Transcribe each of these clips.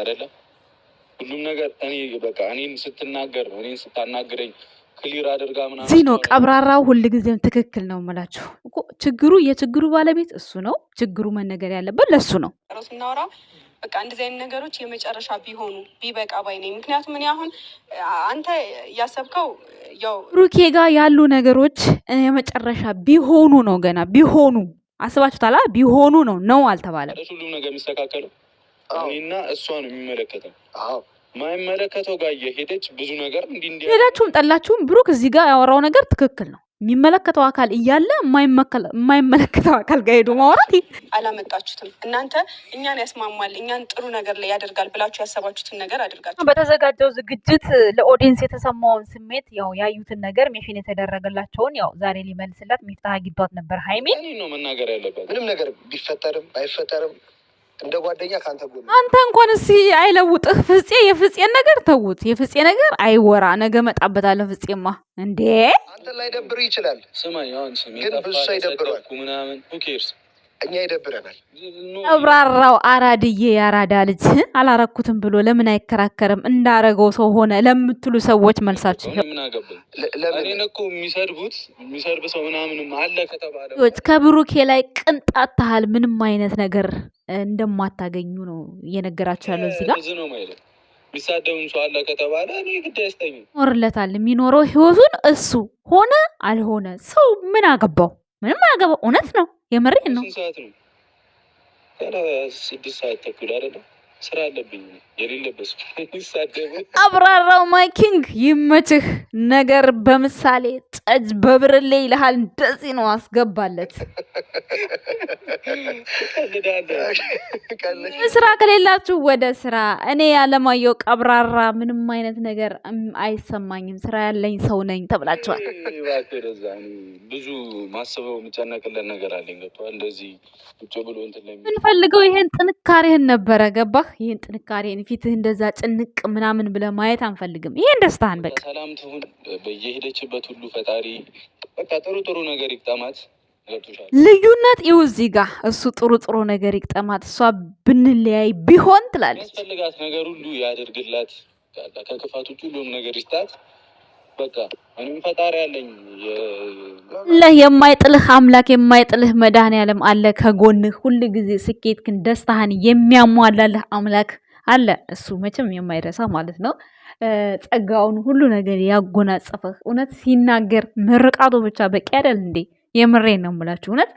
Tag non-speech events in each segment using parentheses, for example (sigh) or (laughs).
አይደለም ሁሉም ነገር እኔ በቃ እኔን ስትናገር እኔን ስታናግረኝ ክሊር አድርጋ ምናምን እዚህ ነው ቀብራራው። ሁልጊዜም ትክክል ነው የምላችሁ እኮ ችግሩ የችግሩ ባለቤት እሱ ነው። ችግሩ መነገር ያለበት ለእሱ ነው። ስናወራ በቃ እንደዚህ አይነት ነገሮች የመጨረሻ ቢሆኑ ቢበቃ ባይ ነኝ። ምክንያቱም እኔ አሁን አንተ እያሰብከው ያው ሩኬ ጋር ያሉ ነገሮች የመጨረሻ ቢሆኑ ነው ገና ቢሆኑ አስባችሁታላ ቢሆኑ ነው ነው አልተባለም። ሁሉም ነገር የሚስተካከለው እኔና እሷ ነው የሚመለከተው። ማይመለከተው ጋር እየሄደች ብዙ ነገር ሄዳችሁም ጠላችሁም ብሩክ እዚህ ጋር ያወራው ነገር ትክክል ነው። የሚመለከተው አካል እያለ የማይመለከተው አካል ጋር ሄዶ ማውራት አላመጣችሁትም እናንተ። እኛን ያስማማል እኛን ጥሩ ነገር ላይ ያደርጋል ብላችሁ ያሰባችሁትን ነገር አድርጋችሁ በተዘጋጀው ዝግጅት ለኦዲየንስ የተሰማውን ስሜት ያው ያዩትን ነገር ሜሽን የተደረገላቸውን ያው ዛሬ ሊመልስላት ሚፍታህ አግኝቷት ነበር። ሀይሜ ነው መናገር ያለበት ምንም ነገር ቢፈጠርም አይፈጠርም እንደ ጓደኛ ከአንተ ጎን አንተ እንኳን እስ አይለውጥህ። ፍጼ የፍጼን ነገር ተውት። የፍጼ ነገር አይወራ። ነገ መጣበታለሁ። ፍፄማ እንዴ አንተ ላይ ደብር ይችላል። ግን ብዙ ሰው ይደብረዋል እኛ ይደብረናል። እብራራው አራድዬ ያራዳ ልጅ አላረኩትም ብሎ ለምን አይከራከርም? እንዳረገው ሰው ሆነ ለምትሉ ሰዎች መልሳችሁ ለምን እኮ የሚሰድቡት የሚሰድብ ሰው ምናምንም አለ ከተባለ ከብሩኬ ላይ ቅንጣት ታህል ምንም አይነት ነገር እንደማታገኙ ነው እየነገራቸው ያለው እዚህ ጋር ሚሳደብም ሰው አለ ከተባለ እኔ ግድ አይስተኝም። ይኖርለታል። የሚኖረው ህይወቱን እሱ ሆነ አልሆነ ሰው ምን አገባው? ምንም አያገባው። እውነት ነው፣ የምሬን ነው። ስንት ሰዓት ነው? ስድስት ሰዓት ተኩል አይደለም። ስራ አለብኝ። አብራራው ማይ ኪንግ ይመችህ። ነገር በምሳሌ ጠጅ በብርሌ ይልሃል። እንደዚህ ነው አስገባለት። ስራ ከሌላችሁ ወደ ስራ። እኔ ያለማየሁ ቀብራራ ምንም አይነት ነገር አይሰማኝም፣ ስራ ያለኝ ሰው ነኝ ተብላችኋል። ብዙ ማስበው የምጨነቅለን ነገር አለኝ። ገብቶሃል? እንደዚህ ምን ፈልገው ይሄን ጥንካሬህን ነበረ ገባህ? ይሄን ጥንካሬህን ፊትህ እንደዛ ጭንቅ ምናምን ብለህ ማየት አንፈልግም። ይሄን ደስታህን በቃ ሰላም ትሁን በየሄደችበት ሁሉ ፈጣሪ በቃ ጥሩ ጥሩ ነገር ይቅጠማት። ልዩነት ይኸው እዚህ ጋ እሱ ጥሩ ጥሩ ነገር ይቅጠማት፣ እሷ ብንለያይ ቢሆን ትላለች። ያስፈልጋት ነገር ሁሉ ያደርግላት፣ ከክፋት ውጭ ሁሉም ነገር ይስጣት። በቃ እኔም ፈጣሪ ያለኝ ለህ የማይጥልህ አምላክ የማይጥልህ መድኃኔዓለም አለ ከጎንህ ሁል ጊዜ ስኬትህን ደስታህን የሚያሟላልህ አምላክ አለ እሱ መቼም የማይረሳ ማለት ነው። ጸጋውን ሁሉ ነገር ያጎናጸፈህ እውነት ሲናገር ምርቃቱ ብቻ በቂ አይደል እንዴ? የምሬን ነው የምላችሁ። እውነት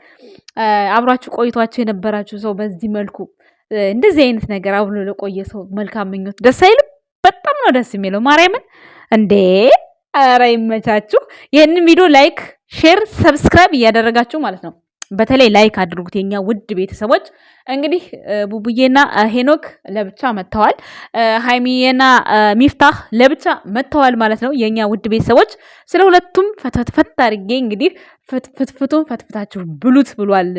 አብራችሁ ቆይቷቸው የነበራችሁ ሰው በዚህ መልኩ እንደዚህ አይነት ነገር አብሎ ለቆየ ሰው መልካም ምኞት ደስ አይልም? በጣም ነው ደስ የሚለው። ማርያምን እንዴ! ኧረ ይመቻችሁ። ይህንን ቪዲዮ ላይክ፣ ሼር፣ ሰብስክራይብ እያደረጋችሁ ማለት ነው በተለይ ላይክ አድርጉት የኛ ውድ ቤተሰቦች። እንግዲህ ቡቡዬና ሄኖክ ለብቻ መጥተዋል፣ ሀይሚዬና ሚፍታህ ለብቻ መጥተዋል ማለት ነው የኛ ውድ ቤተሰቦች። ስለ ሁለቱም ፈትፈት አድርጌ እንግዲህ ፍትፍቱን ፈትፍታችሁ ብሉት ብሏል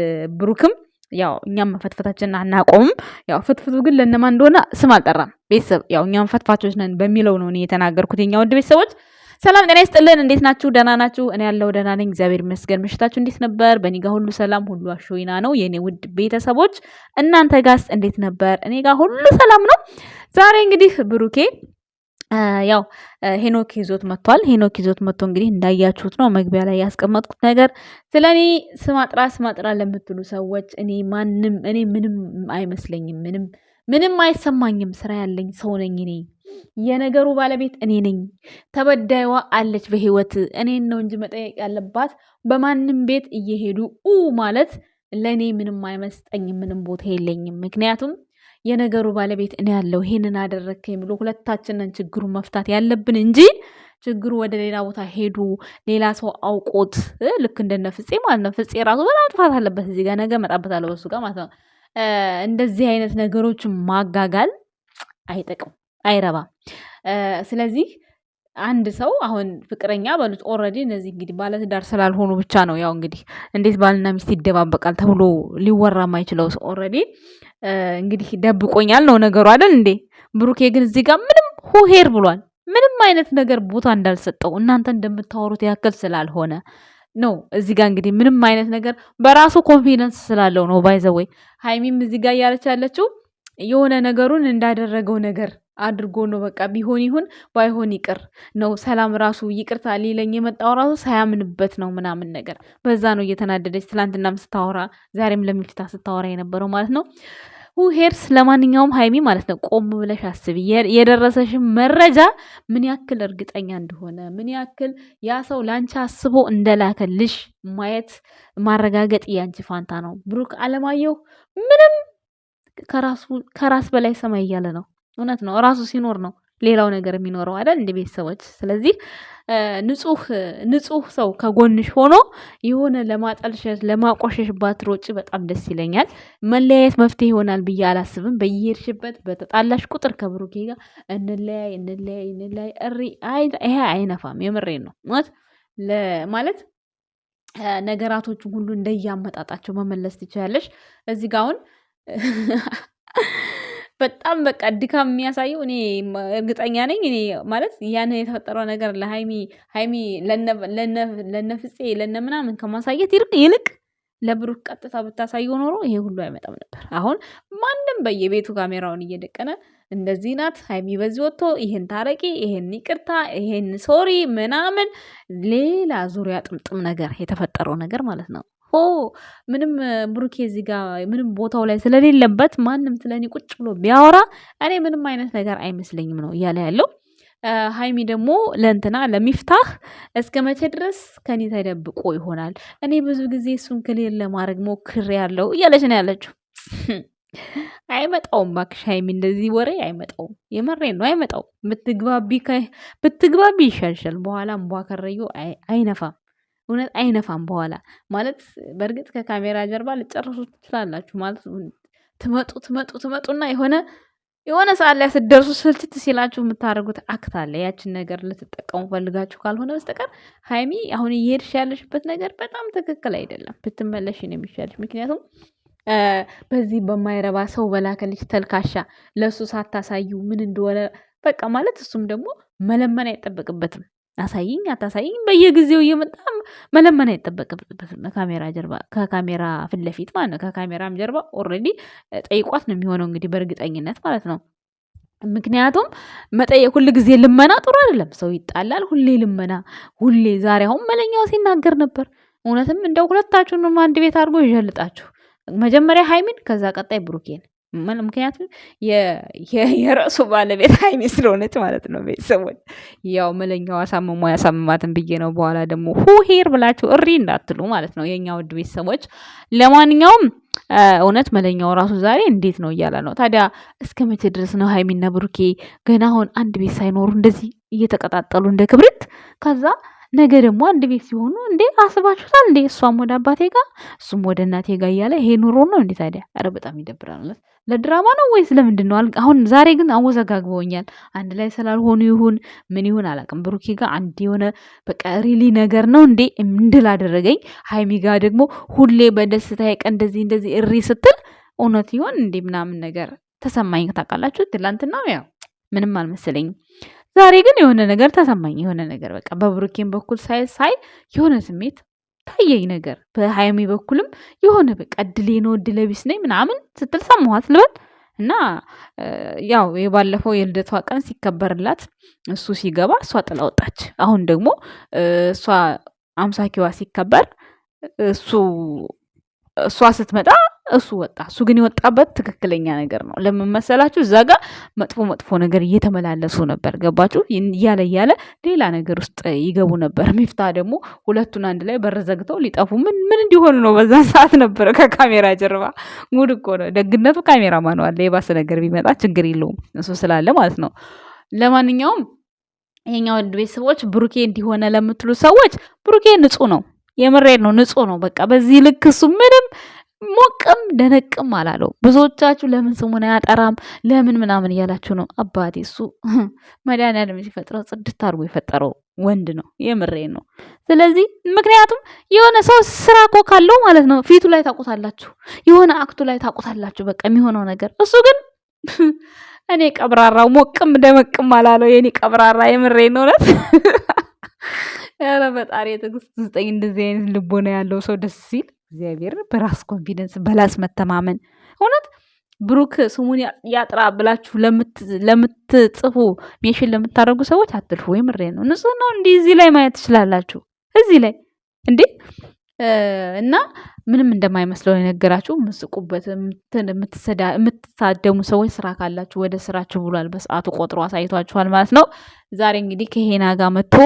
ብሩክም ያው እኛም መፈትፈታችን አናቆምም። ያው ፍትፍቱ ግን ለእነማን እንደሆነ ስም አልጠራም። ቤተሰብ ያው እኛም ፈትፋቾች ነን በሚለው ነው እኔ የተናገርኩት የኛ ውድ ቤተሰቦች ሰላም ጤና ይስጥልን። እንዴት ናችሁ? ደህና ናችሁ? እኔ ያለው ደህና ነኝ፣ እግዚአብሔር ይመስገን። ምሽታችሁ እንዴት ነበር? በእኔ ጋር ሁሉ ሰላም፣ ሁሉ አሾይና ነው የእኔ ውድ ቤተሰቦች። እናንተ ጋስ እንዴት ነበር? እኔ ጋር ሁሉ ሰላም ነው። ዛሬ እንግዲህ ብሩኬ ያው ሄኖክ ይዞት መጥቷል። ሄኖክ ይዞት መጥቶ እንግዲህ እንዳያችሁት ነው መግቢያ ላይ ያስቀመጥኩት ነገር ስለ እኔ ስማጥራ ስማጥራ ለምትሉ ሰዎች እኔ ማንም እኔ ምንም አይመስለኝም ምንም ምንም አይሰማኝም፣ ስራ ያለኝ ሰው ነኝ እኔ። የነገሩ ባለቤት እኔ ነኝ። ተበዳይዋ አለች በህይወት እኔን ነው እንጂ መጠየቅ ያለባት። በማንም ቤት እየሄዱ ኡ ማለት ለእኔ ምንም አይመስጠኝም፣ ምንም ቦታ የለኝም። ምክንያቱም የነገሩ ባለቤት እኔ ያለው ይሄንን አደረግከኝ ብሎ ሁለታችንን ችግሩን መፍታት ያለብን እንጂ ችግሩ ወደ ሌላ ቦታ ሄዱ ሌላ ሰው አውቆት ልክ እንደነ ፍፄ ማለት ነው። ፍፄ ራሱ በጣም ጥፋት አለበት እዚህ ጋር። ነገ እመጣበታለሁ በሱ ጋር ማለት ነው። እንደዚህ አይነት ነገሮችን ማጋጋል አይጠቅም፣ አይረባም። ስለዚህ አንድ ሰው አሁን ፍቅረኛ በሉት ኦልሬዲ እነዚህ እንግዲህ ባለትዳር ስላልሆኑ ብቻ ነው ያው እንግዲህ እንዴት ባልና ሚስት ይደባበቃል ተብሎ ሊወራ ማይችለው ሰው ኦልሬዲ እንግዲህ ደብቆኛል ነው ነገሩ አይደል እንዴ? ብሩኬ ግን እዚህ ጋር ምንም ሁሄር ብሏል። ምንም አይነት ነገር ቦታ እንዳልሰጠው እናንተ እንደምታወሩት ያክል ስላልሆነ ነው እዚህ ጋር እንግዲህ ምንም አይነት ነገር በራሱ ኮንፊደንስ ስላለው ነው። ወይ ሀይሚም እዚህ ጋር እያለች ያለችው የሆነ ነገሩን እንዳደረገው ነገር አድርጎ ነው። በቃ ቢሆን ይሁን ባይሆን ይቅር ነው። ሰላም ራሱ ይቅርታ ሌለኝ የመጣው ራሱ ሳያምንበት ነው ምናምን ነገር በዛ ነው እየተናደደች ትላንትናም ስታወራ ዛሬም ለሚፍታ ስታወራ የነበረው ማለት ነው። ሁ ሄርስ ለማንኛውም ሀይሚ ማለት ነው ቆም ብለሽ አስቢ። የደረሰሽን መረጃ ምን ያክል እርግጠኛ እንደሆነ ምን ያክል ያ ሰው ላንቺ አስቦ እንደላከልሽ ማየት ማረጋገጥ ያንቺ ፋንታ ነው። ብሩክ አለማየሁ ምንም ከራስ በላይ ሰማይ እያለ ነው። እውነት ነው። ራሱ ሲኖር ነው ሌላው ነገር የሚኖረው አይደል እንደ ቤተሰቦች። ስለዚህ ንጹህ ንጹህ ሰው ከጎንሽ ሆኖ የሆነ ለማጠልሸት ለማቆሸሽ ባትሮጪ በጣም ደስ ይለኛል። መለያየት መፍትሄ ይሆናል ብዬ አላስብም። በየሄድሽበት በተጣላሽ ቁጥር ከብሩኬ ጋር እንለያይ እንለያይ እንለያይ እሪ ይሄ አይነፋም። የምሬን ነው ማለት ነገራቶች ሁሉ እንደያመጣጣቸው መመለስ ትችላለሽ። እዚህ ጋ አሁን በጣም በቃ ድካም የሚያሳየው እኔ እርግጠኛ ነኝ። እኔ ማለት ያን የተፈጠረው ነገር ለሀይሚ ሀይሚ ለነፍፄ ለነምናምን ከማሳየት ይልቅ ለብሩክ ቀጥታ ብታሳየው ኖሮ ይሄ ሁሉ አይመጣም ነበር። አሁን ማንም በየቤቱ ካሜራውን እየደቀነ እንደዚህ ናት ሀይሚ በዚህ ወጥቶ ይሄን ታረቂ፣ ይሄን ይቅርታ፣ ይሄን ሶሪ ምናምን ሌላ ዙሪያ ጥምጥም ነገር የተፈጠረው ነገር ማለት ነው። ኦ ምንም ብሩኬ እዚህ ጋር ምንም ቦታው ላይ ስለሌለበት ማንም ስለኔ ቁጭ ብሎ ቢያወራ እኔ ምንም አይነት ነገር አይመስለኝም ነው እያለ ያለው። ሀይሚ ደግሞ ለእንትና ለሚፍታህ እስከ መቼ ድረስ ከኔ ተደብቆ ይሆናል? እኔ ብዙ ጊዜ እሱን ክሌር ለማድረግ ሞክር ያለው እያለች ነው ያለችው። (laughs) አይመጣውም እባክሽ ሀይሚ፣ እንደዚህ ወሬ አይመጣውም። የመሬን ነው አይመጣውም። ብትግባቢ ብትግባቢ ይሻልሻል። በኋላ ቧከረዩ አይነፋም። እውነት አይነፋም። በኋላ ማለት በእርግጥ ከካሜራ ጀርባ ልጨርሱ ትችላላችሁ። ማለት ትመጡ ትመጡ ትመጡና የሆነ የሆነ ሰዓት ላይ ስትደርሱ ስልችት ሲላችሁ የምታደርጉት አክት አለ። ያችን ነገር ልትጠቀሙ ፈልጋችሁ ካልሆነ በስተቀር ሀይሚ፣ አሁን እየሄድሽ ያለሽበት ነገር በጣም ትክክል አይደለም። ብትመለሽ ነው የሚሻልሽ። ምክንያቱም በዚህ በማይረባ ሰው በላከልሽ ተልካሻ ለእሱ ሳታሳዩ ምን እንደሆነ በቃ ማለት እሱም ደግሞ መለመን አይጠበቅበትም። አሳይኝ አታሳይኝ በየጊዜው እየመጣ መለመን አይጠበቅበትም። ከካሜራ ጀርባ ከካሜራ ፊት ለፊት ማለት ነው። ከካሜራም ጀርባ ኦልሬዲ ጠይቋት ነው የሚሆነው እንግዲህ በእርግጠኝነት ማለት ነው። ምክንያቱም መጠየቅ ሁል ጊዜ ልመና ጥሩ አይደለም። ሰው ይጣላል። ሁሌ ልመና፣ ሁሌ ዛሬ አሁን መለኛው ሲናገር ነበር። እውነትም እንደው ሁለታችሁንም አንድ ቤት አድርጎ ይዠልጣችሁ። መጀመሪያ ሀይሚን ከዛ ቀጣይ ብሩኬን ምክንያቱም የርዕሱ (laughs) ባለቤት ሀይሚ ስለሆነች ማለት ነው። ቤተሰቦች ያው መለኛው አሳምሞ ያሳምማትን ብዬ ነው። በኋላ ደግሞ ሁሄር ብላችሁ እሪ እንዳትሉ ማለት ነው የእኛ ውድ ቤተሰቦች። ለማንኛውም እውነት መለኛው ራሱ ዛሬ እንዴት ነው እያለ ነው። ታዲያ እስከ መቼ ድረስ ነው ሀይሚና ብሩኬ ገና አሁን አንድ ቤት ሳይኖሩ እንደዚህ እየተቀጣጠሉ እንደ ክብሪት ከዛ ነገ ደግሞ አንድ ቤት ሲሆኑ እንዴ አስባችሁታል እንዴ? እሷም ወደ አባቴ ጋ እሱም ወደ እናቴ ጋር እያለ ይሄ ኑሮ ነው እንዴ ታዲያ? ኧረ በጣም ይደብራል። ለድራማ ነው ወይስ ለምንድን ነው? አሁን ዛሬ ግን አወዘጋግበውኛል። አንድ ላይ ስላልሆኑ ይሁን ምን ይሁን አላውቅም። ብሩኬ ጋር አንድ የሆነ በቃ ሪሊ ነገር ነው እንዴ እንድል አደረገኝ። ሀይሚ ጋ ደግሞ ሁሌ በደስታ ቀን እንደዚህ እንደዚህ እሪ ስትል እውነት ይሆን እንዴ ምናምን ነገር ተሰማኝ። ታውቃላችሁ ትላንትና ያው ምንም አልመሰለኝም። ዛሬ ግን የሆነ ነገር ተሰማኝ። የሆነ ነገር በቃ በብሩኬን በኩል ሳይ ሳይ የሆነ ስሜት ታየኝ ነገር በሀይሚ በኩልም የሆነ በቃ እድሌ ነው እድለ ቢስ ነኝ ምናምን ስትል ሰማኋት ልበል እና ያው የባለፈው የልደቷ ቀን ሲከበርላት እሱ ሲገባ እሷ ጥላ ወጣች። አሁን ደግሞ እሷ አምሳኪዋ ሲከበር እሱ እሷ ስትመጣ እሱ ወጣ። እሱ ግን የወጣበት ትክክለኛ ነገር ነው። ለምን መሰላችሁ? እዛ ጋ መጥፎ መጥፎ ነገር እየተመላለሱ ነበር። ገባችሁ? እያለ እያለ ሌላ ነገር ውስጥ ይገቡ ነበር። ሚፍታ ደግሞ ሁለቱን አንድ ላይ በር ዘግተው ሊጠፉ ምን ምን እንዲሆኑ ነው? በዛን ሰዓት ነበረ ከካሜራ ጀርባ ሙድ እኮ ነው። ደግነቱ ካሜራ ማነዋለ። የባሰ ነገር ቢመጣ ችግር የለውም እሱ ስላለ ማለት ነው። ለማንኛውም ይሄኛው ቤተሰቦች ብሩኬ እንዲሆነ ለምትሉ ሰዎች ብሩኬ ንጹህ ነው። የምሬድ ነው። ንጹህ ነው። በቃ በዚህ ልክ እሱ ምንም ሞቅም ደነቅም አላለው። ብዙዎቻችሁ ለምን ስሙን አያጠራም ለምን ምናምን እያላችሁ ነው። አባቴ እሱ (laughs) መድኃኒዓለም ሲፈጥረው ጽድት አድርጎ የፈጠረው ወንድ ነው። የምሬ ነው። ስለዚህ ምክንያቱም የሆነ ሰው ስራ እኮ ካለው ማለት ነው ፊቱ ላይ ታቁታላችሁ፣ የሆነ አክቱ ላይ ታቁታላችሁ፣ በቃ የሚሆነው ነገር። እሱ ግን (laughs) እኔ ቀብራራው ሞቅም ደመቅም አላለው። የኔ ቀብራራ የምሬ ነው ነት ያለ (laughs) ፈጣሪ ትዕግስት ስጠኝ። እንደዚህ አይነት ልቦና ያለው ሰው ደስ ሲል እግዚአብሔር በራስ ኮንፊደንስ በላስ መተማመን እውነት ብሩክ ስሙን ያጥራ ብላችሁ ለምትጽፉ ሜሽን ለምታደርጉ ሰዎች አትልፉ። ወይም ምሬ ነው። ንጹህ ነው። እንዲህ እዚህ ላይ ማየት ትችላላችሁ። እዚህ ላይ እንዴ እና ምንም እንደማይመስለው የነገራችሁ ምስቁበት የምትሳደሙ ሰዎች ስራ ካላችሁ ወደ ስራችሁ ብሏል። በሰዓቱ ቆጥሮ አሳይቷችኋል ማለት ነው። ዛሬ እንግዲህ ከሄና ጋር መጥቶ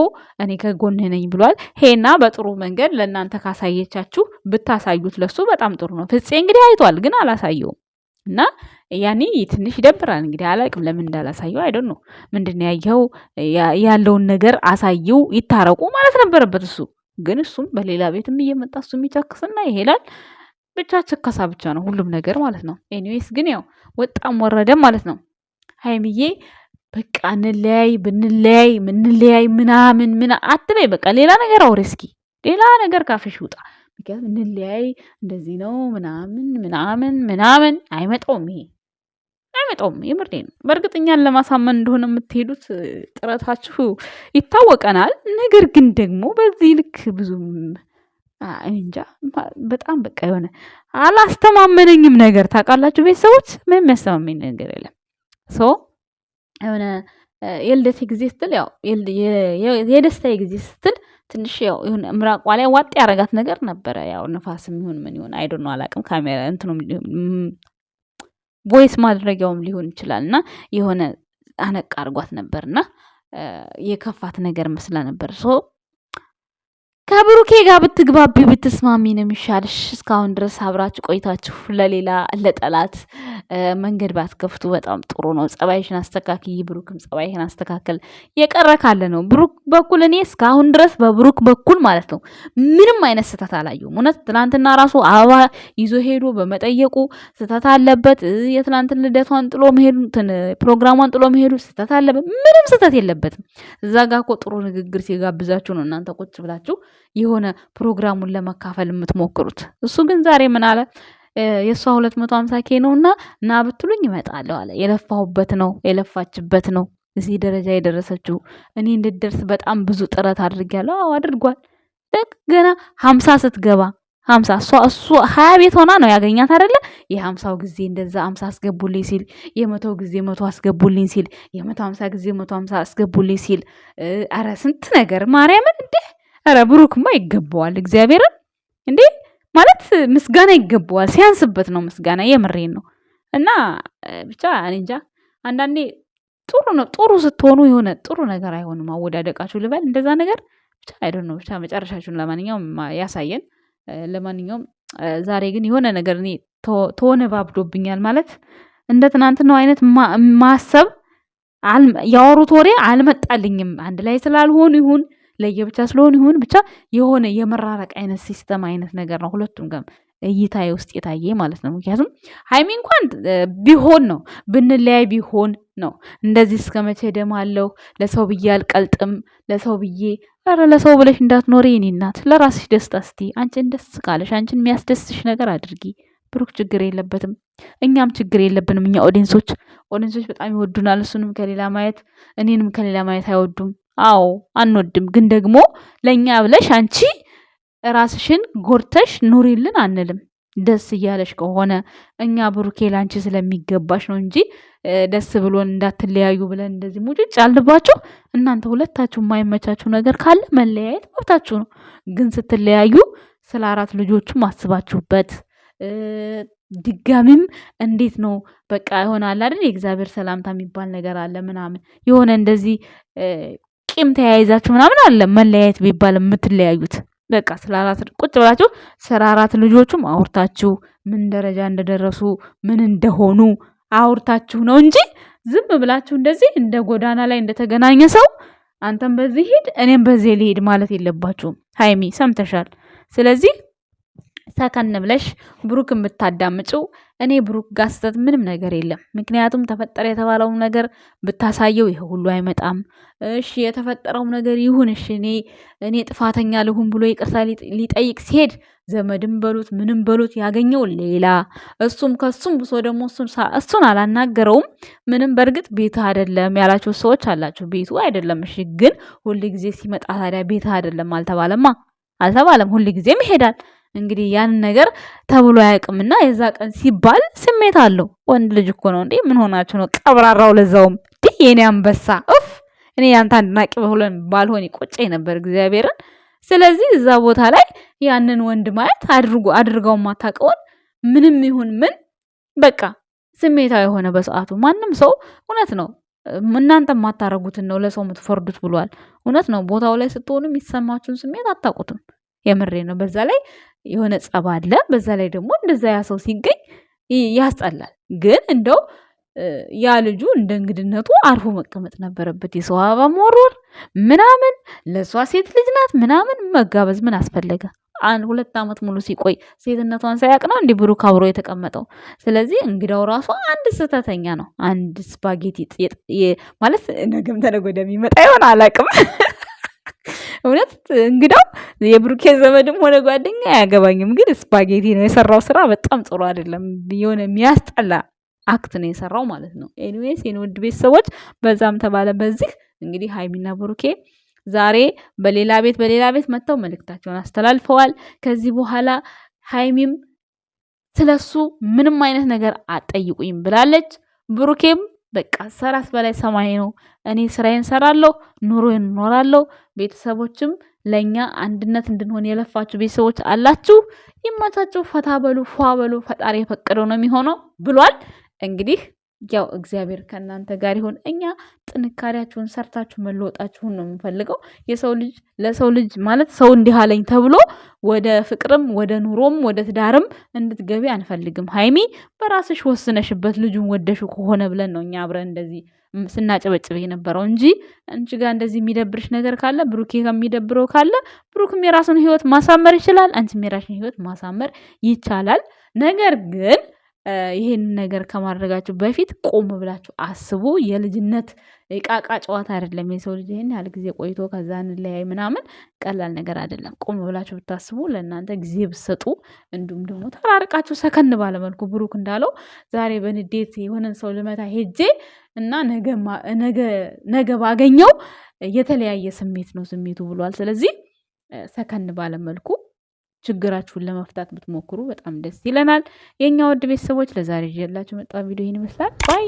እኔ ከጎንህ ነኝ ብሏል። ሄና በጥሩ መንገድ ለእናንተ ካሳየቻችሁ ብታሳዩት ለሱ በጣም ጥሩ ነው። ፍፄ እንግዲህ አይቷል ግን አላሳየውም እና ያኔ ትንሽ ይደብራል። እንግዲህ አላቅም ለምን እንዳላሳየው አይደን ነው ምንድን ያየው ያለውን ነገር አሳየው ይታረቁ ማለት ነበረበት እሱ ግን እሱም በሌላ ቤትም እየመጣ እሱም ይጨክስና ይሄላል ብቻ ችከሳ ብቻ ነው ሁሉም ነገር ማለት ነው። ኤኒዌይስ ግን ያው ወጣም ወረደም ማለት ነው ሀይምዬ በቃ እንለያይ ብንለያይ ምንለያይ ምናምን ምና አትበይ። በቃ ሌላ ነገር አውሪ እስኪ ሌላ ነገር ካፍሽ ውጣ። ምክንያቱም እንለያይ እንደዚህ ነው ምናምን ምናምን ምናምን አይመጣውም ይሄ አይመጣውም። የምሬ ነው። በእርግጠኛን ለማሳመን እንደሆነ የምትሄዱት ጥረታችሁ ይታወቀናል። ነገር ግን ደግሞ በዚህ ልክ ብዙም እንጃ በጣም በቃ የሆነ አላስተማመነኝም ነገር ታውቃላችሁ፣ ቤተሰቦች ምን የሚያስተማመኝ ነገር የለም። ሶ የሆነ የልደቴ ጊዜ ስትል ያው የደስታዬ ጊዜ ስትል ትንሽ ያው ይሁን ምራቋ ላይ ዋጥ ያረጋት ነገር ነበረ። ያው ንፋስም ይሁን ምን ይሁን አይዶ ነው አላውቅም። ካሜራ እንትኑ ቮይስ ማድረጊያውም ሊሆን ይችላል እና የሆነ አነቃ አድርጓት ነበርና የከፋት ነገር መስላ ነበር። ሶ ከብሩኬ ጋር ብትግባቢ ብትስማሚ ነው የሚሻልሽ። እስካሁን ድረስ አብራችሁ ቆይታችሁ ለሌላ ለጠላት መንገድ ባትከፍቱ በጣም ጥሩ ነው። ጸባይሽን አስተካክይ፣ ብሩክም ጸባይሽን አስተካከል። የቀረ ካለ ነው ብሩክ በኩል እኔ እስካሁን ድረስ በብሩክ በኩል ማለት ነው ምንም አይነት ስህተት አላየሁም። እውነት ትናንትና ራሱ አበባ ይዞ ሄዶ በመጠየቁ ስህተት አለበት። የትናንትን ልደቷን ጥሎ መሄዱ ፕሮግራሟን ጥሎ መሄዱ ስህተት አለበት። ምንም ስህተት የለበትም። እዛ ጋ እኮ ጥሩ ንግግር ሲጋብዛችሁ ነው እናንተ ቁጭ ብላችሁ የሆነ ፕሮግራሙን ለመካፈል የምትሞክሩት። እሱ ግን ዛሬ ምን አለ? የእሷ ሁለት መቶ ሀምሳ ኬ ነው እና ና ብትሉኝ እመጣለሁ አለ። የለፋሁበት ነው የለፋችበት ነው እዚህ ደረጃ የደረሰችው። እኔ እንድደርስ በጣም ብዙ ጥረት አድርጊያለሁ። አዎ አድርጓል። ገና ሀምሳ ስትገባ ሀምሳ እሷ እሱ ሀያ ቤት ሆና ነው ያገኛት አደለ? የሀምሳው ጊዜ እንደዛ ሀምሳ አስገቡልኝ ሲል የመቶ ጊዜ መቶ አስገቡልኝ ሲል የመቶ ሀምሳ ጊዜ መቶ ሀምሳ አስገቡልኝ ሲል ኧረ ስንት ነገር ማርያምን እንዴ! ኧረ ብሩክማ ይገባዋል እግዚአብሔርን እንዴ! ማለት ምስጋና ይገባዋል። ሲያንስበት ነው ምስጋና። የምሬን ነው። እና ብቻ እንጃ አንዳንዴ ጥሩ ነው። ጥሩ ስትሆኑ የሆነ ጥሩ ነገር አይሆንም። አወዳደቃችሁ ልበል እንደዛ ነገር ብቻ አይደል ነው። ብቻ መጨረሻችሁን ለማንኛውም ያሳየን። ለማንኛውም ዛሬ ግን የሆነ ነገር እኔ ተሆነ ባብዶብኛል ማለት እንደ ትናንትናው አይነት ማሰብ ያወሩት ወሬ አልመጣልኝም። አንድ ላይ ስላልሆኑ ይሁን ለየብቻ ስለሆኑ ይሁን ብቻ የሆነ የመራረቅ አይነት ሲስተም አይነት ነገር ነው ሁለቱም ጋር እይታዬ ውስጥ የታየ ማለት ነው። ምክንያቱም ሀይሚ እንኳን ቢሆን ነው ብንለያይ ቢሆን ነው እንደዚህ እስከ መቼ አለው ለሰው ብዬ አልቀልጥም፣ ለሰው ብዬ ኧረ ለሰው ብለሽ እንዳትኖሪ የኔ እናት። ለራስሽ ደስታ እስቲ አንቺን ደስ ካለሽ አንቺን የሚያስደስሽ ነገር አድርጊ። ብሩክ ችግር የለበትም፣ እኛም ችግር የለብንም። እኛ ኦዲንሶች ኦዲንሶች በጣም ይወዱናል። እሱንም ከሌላ ማየት እኔንም ከሌላ ማየት አይወዱም። አዎ አንወድም። ግን ደግሞ ለእኛ ብለሽ አንቺ ራስሽን ጎድተሽ ኑሪልን አንልም። ደስ እያለሽ ከሆነ እኛ ብሩኬ ላንቺ ስለሚገባሽ ነው እንጂ ደስ ብሎን እንዳትለያዩ ብለን እንደዚህ ሙጭጭ አልባችሁ። እናንተ ሁለታችሁ የማይመቻችሁ ነገር ካለ መለያየት መብታችሁ ነው። ግን ስትለያዩ ስለ አራት ልጆቹም አስባችሁበት ድጋሚም እንዴት ነው በቃ ይሆናል አይደል? የእግዚአብሔር ሰላምታ የሚባል ነገር አለ ምናምን የሆነ እንደዚህ ቂም ተያይዛችሁ ምናምን አለ መለያየት ቢባል የምትለያዩት በቃ ስለ አራት ቁጭ ብላችሁ ስለ አራት ልጆቹም አውርታችሁ ምን ደረጃ እንደደረሱ ምን እንደሆኑ አውርታችሁ ነው እንጂ ዝም ብላችሁ እንደዚህ እንደ ጎዳና ላይ እንደተገናኘ ሰው አንተም በዚህ ሂድ እኔም በዚህ ሊሄድ ማለት የለባችሁም። ሀይሚ ሰምተሻል። ስለዚህ ሰከን ብለሽ ብሩክ የምታዳምጩ እኔ ብሩክ ጋር ስህተት ምንም ነገር የለም። ምክንያቱም ተፈጠረ የተባለውም ነገር ብታሳየው ይሄ ሁሉ አይመጣም። እሺ የተፈጠረውም ነገር ይሁን እሺ፣ እኔ እኔ ጥፋተኛ ልሁን ብሎ ይቅርታ ሊጠይቅ ሲሄድ ዘመድም በሉት ምንም በሉት ያገኘው ሌላ፣ እሱም ከሱም ብሶ ደግሞ እሱን አላናገረውም ምንም። በእርግጥ ቤት አይደለም ያላችሁ ሰዎች አላችሁ፣ ቤቱ አይደለም እሺ። ግን ሁል ጊዜ ሲመጣ ታዲያ ቤት አይደለም አልተባለማ፣ አልተባለም። ሁል ጊዜም ይሄዳል እንግዲህ ያንን ነገር ተብሎ አያውቅምና የዛ ቀን ሲባል ስሜት አለው። ወንድ ልጅ እኮ ነው እንዴ! ምን ሆናችሁ ነው? ቀብራራው ለዛውም ዲ የኔ አንበሳ እፍ እኔ ያንተ አድናቂ በሁለን ባልሆን ቆጨኝ ነበር እግዚአብሔርን። ስለዚህ እዛ ቦታ ላይ ያንን ወንድ ማየት አድርጎ አድርገው ማታውቀውን ምንም ይሁን ምን በቃ ስሜታዊ የሆነ በሰዓቱ ማንም ሰው እውነት ነው እናንተ የማታረጉትን ነው ለሰው የምትፈርዱት ብሏል። እውነት ነው። ቦታው ላይ ስትሆኑ የሚሰማችሁን ስሜት አታውቁትም። የምሬ ነው። በዛ ላይ የሆነ ጸብ አለ። በዛ ላይ ደግሞ እንደዛ ያ ሰው ሲገኝ ያስጠላል። ግን እንደው ያ ልጁ እንደ እንግድነቱ አርፎ መቀመጥ ነበረበት። የሰው አበባ መወርወር ምናምን ለእሷ ሴት ልጅ ናት ምናምን መጋበዝ ምን አስፈለገ? አንድ ሁለት ዓመት ሙሉ ሲቆይ ሴትነቷን ሳያቅ ነው እንዲህ ብሩክ አብሮ የተቀመጠው። ስለዚህ እንግዳው ራሱ አንድ ስህተተኛ ነው። አንድ ስፓጌቲ ማለት ነገም ተነገ ወዲያ የሚመጣ ይሆን አላቅም። (laughs) እውነት እንግዳው የብሩኬ ዘመድም ሆነ ጓደኛ አያገባኝም፣ ግን ስፓጌቲ ነው የሰራው። ስራ በጣም ጥሩ አይደለም። የሆነ የሚያስጠላ አክት ነው የሰራው ማለት ነው። ኤኒዌይስ የኔ ውድ ቤተሰቦች በዛም ተባለ በዚህ እንግዲህ ሀይሚና ብሩኬ ዛሬ በሌላ ቤት በሌላ ቤት መጥተው መልእክታቸውን አስተላልፈዋል። ከዚህ በኋላ ሀይሚም ስለሱ ምንም አይነት ነገር አጠይቁኝም ብላለች። ብሩኬም በቃ ሰራስ በላይ ሰማይ ነው። እኔ ስራዬን ሰራለሁ፣ ኑሮዬን እኖራለሁ። ቤተሰቦችም ለእኛ አንድነት እንድንሆን የለፋችሁ ቤተሰቦች አላችሁ። ይመቻችሁ፣ ፈታ በሉ፣ ፏ በሉ። ፈጣሪ የፈቀደው ነው የሚሆነው ብሏል እንግዲህ ያው እግዚአብሔር ከእናንተ ጋር ይሁን። እኛ ጥንካሬያችሁን ሰርታችሁ መለወጣችሁን ነው የምንፈልገው። የሰው ልጅ ለሰው ልጅ ማለት ሰው እንዲህ አለኝ ተብሎ ወደ ፍቅርም ወደ ኑሮም ወደ ትዳርም እንድትገቢ አንፈልግም። ሀይሚ በራስሽ ወስነሽበት ልጁን ወደሹ ከሆነ ብለን ነው እኛ አብረን እንደዚህ ስናጨበጭበ የነበረው እንጂ አንቺ ጋር እንደዚህ የሚደብርሽ ነገር ካለ ብሩኬ ከሚደብረው ካለ ብሩክም የራሱን ህይወት ማሳመር ይችላል። አንቺም የራሽን ህይወት ማሳመር ይቻላል። ነገር ግን ይሄን ነገር ከማድረጋችሁ በፊት ቆም ብላችሁ አስቡ። የልጅነት የቃቃ ጨዋታ አይደለም። የሰው ልጅ ይህን ያህል ጊዜ ቆይቶ ከዛ እንለያይ ምናምን ቀላል ነገር አይደለም። ቆም ብላችሁ ብታስቡ፣ ለእናንተ ጊዜ ብሰጡ፣ እንዲሁም ደግሞ ተራርቃችሁ ሰከን ባለመልኩ ብሩክ እንዳለው ዛሬ በንዴት የሆነን ሰው ልመታ ሄጄ እና ነገ ባገኘው የተለያየ ስሜት ነው ስሜቱ ብሏል። ስለዚህ ሰከን ባለመልኩ ችግራችሁን ለመፍታት ብትሞክሩ በጣም ደስ ይለናል። የእኛ ውድ ቤተሰቦች ለዛሬ ይዤላችሁ መጣ ቪዲዮ ይህን ይመስላል ባይ